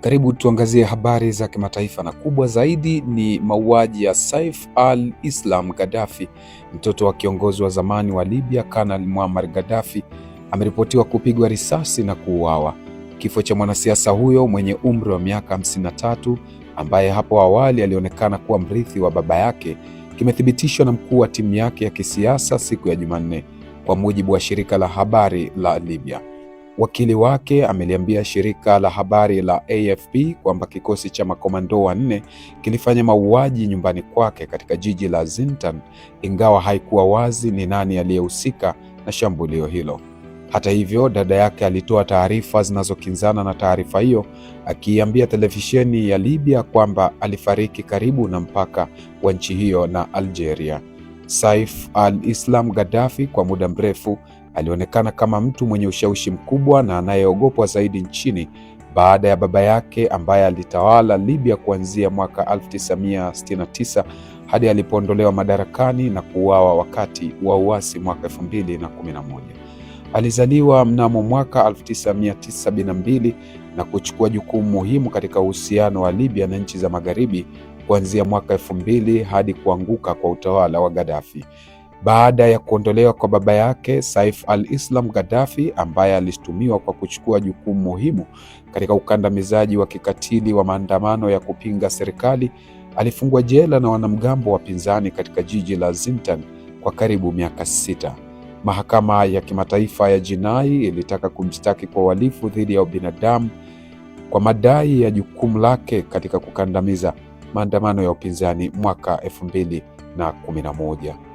Karibu tuangazie habari za kimataifa na kubwa zaidi ni mauaji ya Saif al-Islam Gaddafi, mtoto wa kiongozi wa zamani wa Libya Kanali Muammar Gaddafi ameripotiwa kupigwa risasi na kuuawa. Kifo cha mwanasiasa huyo mwenye umri wa miaka 53 ambaye hapo awali alionekana kuwa mrithi wa baba yake kimethibitishwa na mkuu wa timu yake ya kisiasa siku ya Jumanne, kwa mujibu wa shirika la habari la Libya. Wakili wake ameliambia shirika la habari la AFP kwamba kikosi cha makomando wanne kilifanya mauaji nyumbani kwake katika jiji la Zintan, ingawa haikuwa wazi ni nani aliyehusika na shambulio hilo. Hata hivyo, dada yake alitoa taarifa zinazokinzana na taarifa hiyo, akiiambia televisheni ya Libya kwamba alifariki karibu na mpaka wa nchi hiyo na Algeria. Saif al-Islam Gaddafi kwa muda mrefu alionekana kama mtu mwenye ushawishi mkubwa na anayeogopwa zaidi nchini baada ya baba yake ambaye alitawala Libya kuanzia mwaka 1969 hadi alipoondolewa madarakani na kuuawa wakati wa uasi mwaka 2011. Alizaliwa mnamo mwaka 1972 na kuchukua jukumu muhimu katika uhusiano wa Libya na nchi za Magharibi kuanzia mwaka 2000 hadi kuanguka kwa utawala wa Gaddafi. Baada ya kuondolewa kwa baba yake Saif al-Islam Gaddafi ambaye alishtumiwa kwa kuchukua jukumu muhimu katika ukandamizaji wa kikatili wa maandamano ya kupinga serikali, alifungwa jela na wanamgambo wapinzani katika jiji la Zintan kwa karibu miaka sita. Mahakama ya Kimataifa ya Jinai ilitaka kumshtaki kwa uhalifu dhidi ya ubinadamu kwa madai ya jukumu lake katika kukandamiza maandamano ya upinzani mwaka elfu mbili na kumi na moja.